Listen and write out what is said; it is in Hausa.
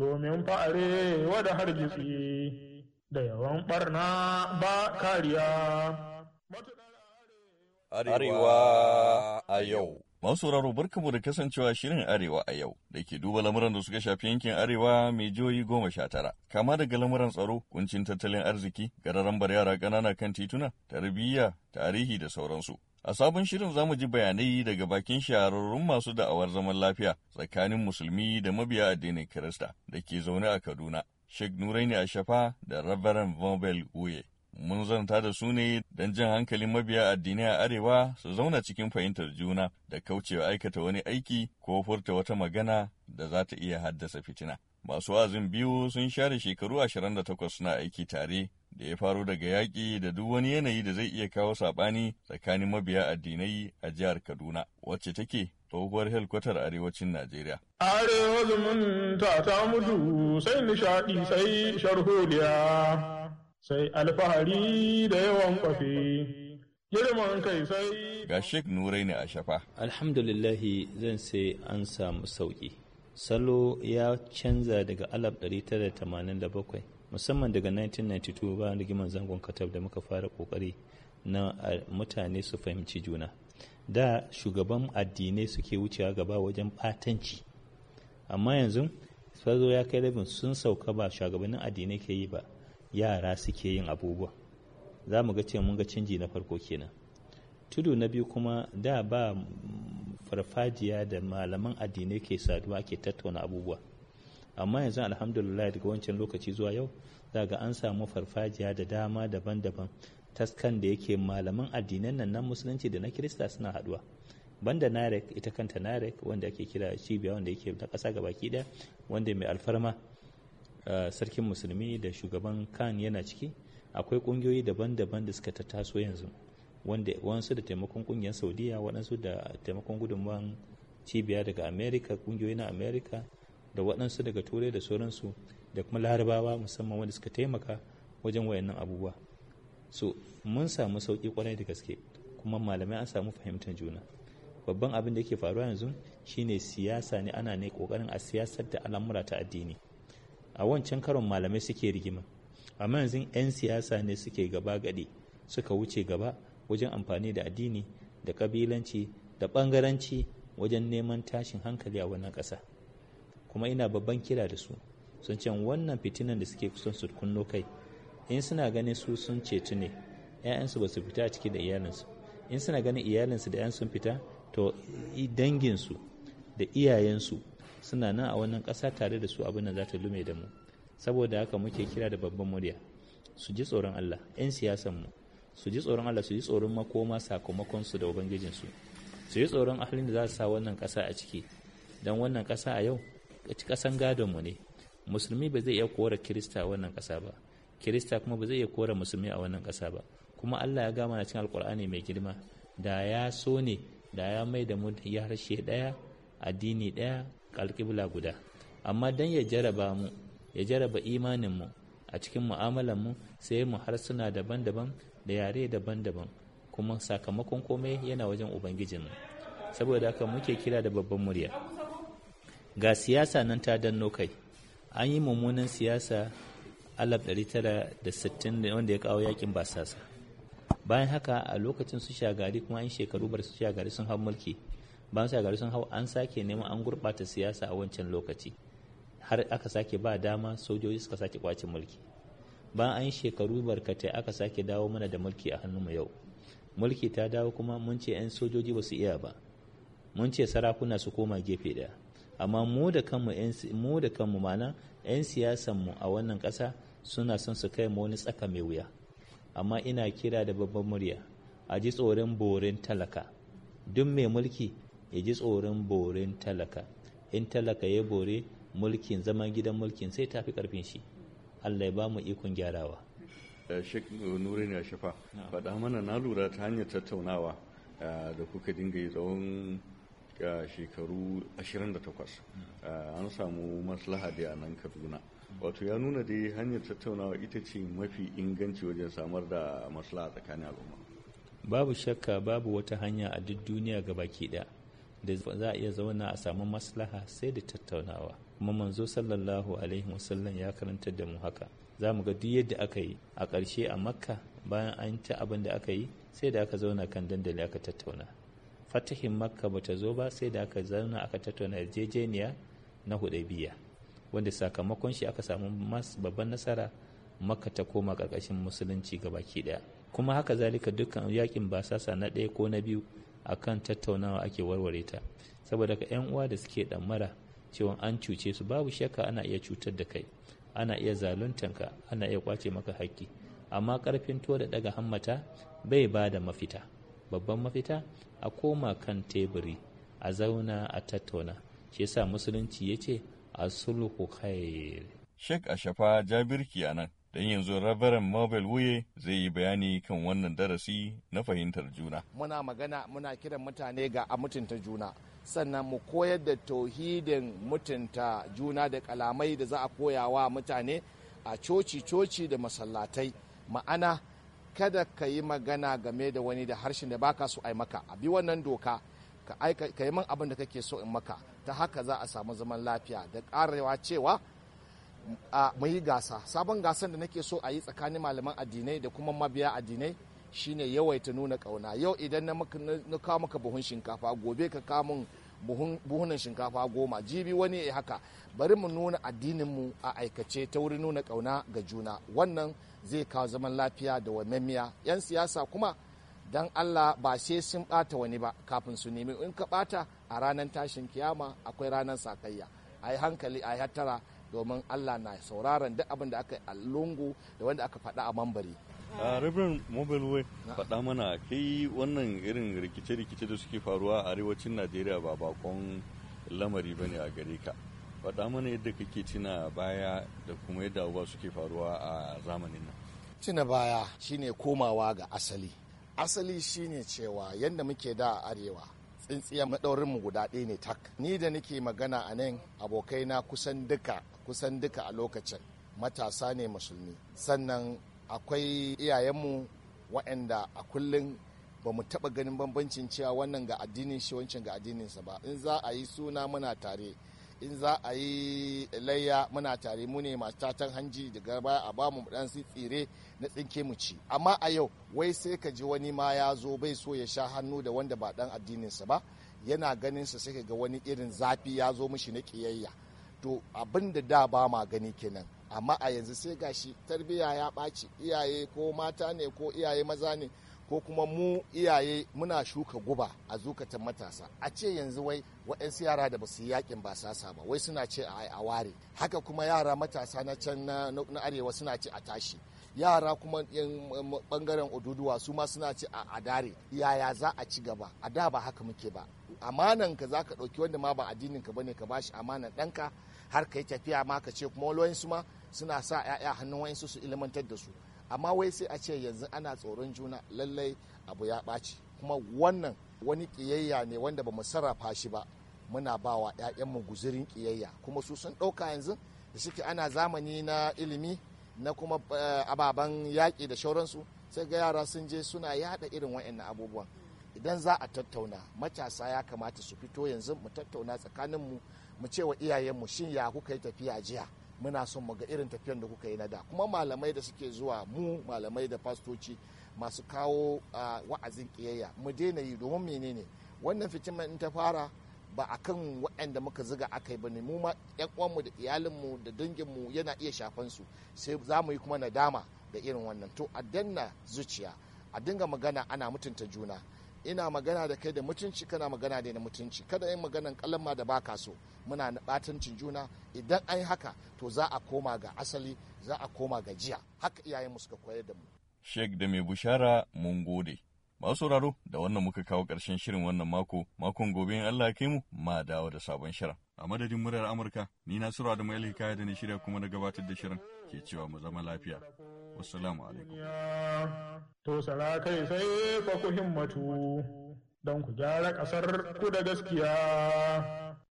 domin fa'are wadda hargitsi da yawan ɓarna ba kariya. Arewa a yau Masu barkamu da kasancewa shirin Arewa a yau da ke duba lamuran da suka shafi yankin Arewa mai jihohi goma sha tara. Kama daga lamuran tsaro, kuncin tattalin arziki, gararan bar yara ƙanana kan tituna, tarbiyya, tarihi da sauransu. A sabon shirin za mu ji bayanai daga bakin shahararrun masu da'awar zaman lafiya tsakanin musulmi da mabiya addinin Kirista da ke zaune a Kaduna, Sheikh Nuraini Ashafa da Reverend Mobile Uye. Mun zanta da su ne don jin hankalin mabiya addinai a Arewa su zauna cikin fahimtar juna da kaucewa aikata wani aiki ko furta wata magana da za ta iya haddasa fitina. Masu wa'azin biyu sun share shekaru 28 suna aiki tare da ya faro daga yaƙi da duk wani yanayi da zai iya kawo saɓani tsakanin mabiya addinai a jihar Kaduna, wacce take tsohuwar helkwatar arewacin Najeriya. Arewa zumunta ta mutu sai nishaɗi sai sharholiya sai alfahari da yawan kwafi. Girman kai sai. Ga Sheikh Nurai ne a shafa. Alhamdulillahi zan sai an samu sauƙi. salo ya canza daga 1987 musamman daga 1992 bayan rigimar zangon katab da muka fara kokari na mutane su fahimci juna da shugaban addinai suke wucewa gaba wajen batanci amma yanzu fazo ya kai rabin sun sauka ba shugabannin addinai ke yi ba yara suke yin abubuwa za mu ga cewa mun ga canji na farko kenan tudu na biyu kuma da ba farfajiya da malaman addinai ke saduwa ke tattauna abubuwa amma yanzu alhamdulillah daga wancan lokaci zuwa yau za ga an samu farfajiya da dama daban-daban taskan da yake malaman addinan nan na musulunci da na kirista suna haduwa banda narek ita kanta narek wanda ake kira cibiya wanda yake na ƙasa baki ɗaya wanda mai alfarma eh, sarkin musulmi da shugaban kan yana ciki akwai ƙungiyoyi daban-daban da suka tattaso yanzu wanda wansu da taimakon kungiyar saudiya waɗansu da taimakon gudunman cibiya daga america kungiyoyi na america da waɗansu daga turai da sauransu da kuma larabawa musamman wanda suka taimaka wajen wayannan abubuwa so mun samu sauƙi kwarai da gaske kuma malamai an samu fahimtar juna babban abin da yake faruwa yanzu shine siyasa ne ana ne kokarin a siyasar da al'amura ta addini a wancan karon malamai suke rigima amma yanzu 'yan siyasa ne suke gaba gadi suka wuce gaba wajen amfani da addini da kabilanci da ɓangaranci wajen neman tashin hankali a wannan ƙasa kuma ina babban kira da su sun ce wannan fitinan da suke kusan su kunno kai in suna ganin su sun cetu ne 'ya'yansu ba su fita ciki da iyalinsu in suna ganin iyalinsu da 'yan sun fita to danginsu da iyayensu suna nan a wannan ƙasa tare da su abin da za ta lume da mu saboda haka muke kira da babban murya su ji tsoron Allah 'yan siyasanmu su ji tsoron Allah su ji tsoron makoma sakamakon su da ubangijin su su ji tsoron ahalin da za su sa wannan kasa a ciki dan wannan kasa a yau kasan gadon mu ne musulmi ba zai iya kora kirista a wannan kasa ba kirista kuma ba zai iya kora musulmi a wannan kasa ba kuma Allah ya gama na cikin alkur'ani mai girma da ya so ne da ya mai da mu ya harshe daya addini daya kalkibla guda amma dan ya jaraba mu ya jaraba imanin mu a cikin mu'amalan mu sai mu harsuna daban-daban da yare daban-daban kuma sakamakon komai yana wajen ubangijin saboda haka muke kira da babban murya ga siyasa nan ta danno kai an yi mummunan siyasa alaf 1960 wanda ya kawo yakin basasa bayan haka a lokacin su shagari kuma an shekaru bar su shagari sun hau mulki bayan shagari sun hau an sake neman an gurɓata siyasa a wancan lokaci har aka sake ba dama sojoji suka sake kwace mulki ba an shekaru barkatai aka sake dawo mana da mulki a hannunmu yau mulki ta dawo kuma mun ce 'yan sojoji ba su iya ba mun ce sarakuna su koma gefe ɗaya. amma mu da kanmu mana 'yan siyasanmu a wannan ƙasa suna son su kai mu wani tsaka mai wuya amma ina kira da babban murya a ji tsoron borin talaka duk mai mulki ya ji tsoron borin talaka in talaka ya bore mulkin zaman gidan mulkin sai tafi karfin shi Allah ya ba mu ikon gyarawa eh, Sheikh Nurin shafa, faɗa mana na lura ta hanyar tattaunawa eh, da kuka dinga yi tsawon eh, shekaru 28 mm. an samu maslaha da a nan Kaduna wato ya nuna dai hanyar tattaunawa ita ce mafi inganci wajen samar da maslaha tsakanin al'umma babu shakka babu wata hanya a duk duniya gabaki ɗaya da za a iya zauna a samu maslaha sai da tattaunawa kuma manzo sallallahu alaihi wasallam ya karanta da mu haka za mu ga duk yadda aka yi a ƙarshe a makka bayan an ta abin da aka yi sai da aka zauna kan dandali aka tattauna fatahin makka ba ta zo ba sai da aka zauna aka tattauna yarjejeniya na hudaibiya wanda sakamakon shi aka samu babban nasara makka ta koma ƙarƙashin musulunci baki ɗaya kuma haka zalika dukkan yakin basasa na ɗaya ko na biyu akan tattaunawa ake warware ta saboda ka 'yan uwa da suke mara. cewa an cuce su babu shakka ana iya cutar da kai ana iya zaluntanka ana iya kwace maka haƙƙi amma ƙarfin to da daga hammata bai ba da mafita babban mafita a koma kan teburi a zauna a tattauna shi yasa musulunci ya ce a sulhu khair a Ashafa Jabir nan don yanzu rabaran Mobile Wuye zai yi bayani kan wannan darasi na fahimtar juna. Muna magana muna kiran mutane ga a mutunta juna. sannan mu koyar da tauhidin mutunta juna da kalamai da za a koya wa mutane a coci-coci da masallatai ma'ana kada ka yi magana game da wani da harshen da baka so ai maka a bi wannan doka ka yi min abin da kake so in maka ta haka za a samu zaman lafiya da karewa cewa mu yi gasa sabon gasan da nake so a yi tsakanin malaman addinai da kuma mabiya addinai shine yawaita nuna kauna yau idan na kawo maka buhun shinkafa gobe ka kamun buhunan shinkafa goma jibi wani ya haka bari mu nuna addininmu a aikace ta wurin nuna kauna ga juna wannan zai kawo zaman lafiya da wamemmiya 'yan siyasa kuma Dan allah ba sai sun bata wani ba kafin su nemi in ka bata a ranar tashin kiyama akwai ranar sakayya a yi hankali a yi hattara domin allah na sauraron duk abin da aka yi a lungu da wanda aka faɗa a mambari Ah. Reverend Mobile ah. faɗa mana kai wannan irin rikice-rikice da suke faruwa a arewacin Najeriya ba bakon lamari bane a gare ka. Faɗa mana yadda kake cina baya da kuma yadda abubuwa suke faruwa a zamanin nan. Cina baya shine komawa ga asali. Asali shine cewa yadda muke da a arewa tsintsiya maɗaurinmu guda ɗaya ne tak. Ni da nake magana a nan abokaina kusan duka kusan duka a lokacin matasa ne musulmi sannan akwai iyayenmu waɗanda a kullum ba mu taɓa ganin bambancin cewa wannan ga addinin shi wancan ga addininsa ba in za a yi suna muna tare in za a yi layya muna tare mu ne masu tatan hanji daga baya a bamu dan tsire na tsinke mu ci amma a yau wai sai ka ji wani ma ya zo bai so ya sha hannu da wanda ba dan addininsa ba yana ganin sa sai ga wani irin zafi ya zo mishi na kiyayya to abinda da ba ma gani kenan amma a yanzu sai gashi tarbiyya ya ɓaci iyaye ko mata ne ko iyaye maza ne ko kuma mu iyaye muna shuka guba a zukatan matasa a ce yanzu wai waɗansu yara da basu yi yakin ba sasa ba wai suna ce a ware haka kuma yara matasa na can na arewa suna ce a tashi yara kuma bangaren ududuwa su ma suna ce a dare yaya za a ci gaba a da ba haka muke ba amanan ka zaka ɗauki wanda ma ba addinin ka bane ka bashi amanan ɗanka har ka yi tafiya ma ka ce kuma su ma suna sa 'ya'ya hannun wayansu su ilmantar da su amma wai sai a ce yanzu ana tsoron juna lallai abu ya ɓaci kuma wannan wani ƙiyayya ne wanda ba mu sarrafa shi ba muna ba wa mu guzurin ƙiyayya kuma su sun ɗauka yanzu da suke ana zamani na ilimi na kuma eh, ababen yaki da shauransu sai ga yara sun je suna yada irin wa'annan abubuwan idan za a tattauna matasa ya kamata su fito yanzu mu tattauna tsakaninmu mu ce wa iyayenmu shin ya kuka yi tafiya jiya muna son mu ga irin tafiyan da kuka yi na da kuma malamai da suke zuwa mu malamai da fastoci masu kawo wa'azin kiyayya mu daina yi domin menene wannan fitiman in ta fara ba a kan waɗanda muka ziga aka yi ba ne mu ma ƴan uwanmu da iyalinmu da danginmu yana iya shafan su sai za mu yi kuma nadama da irin wannan to a danna zuciya a dinga magana ana mutunta juna ina magana da kai da mutunci kana magana da na mutunci kada yin maganan kalamma da baka so muna batancin juna idan an haka to za a koma ga asali za a koma ga jiya haka iyayen suka koyar da mu Sheikh da mai bushara mun gode masu sauraro da wannan muka kawo ƙarshen shirin wannan mako makon gobe in Allah ya kai mu ma dawo da sabon shirin a madadin muryar Amurka ni na sura da mai da ni shirya kuma na gabatar da shirin ke cewa mu zama lafiya Wassalamu alaikum. To kai sai fa ku himmatu don ku gyara ƙasar ku da gaskiya.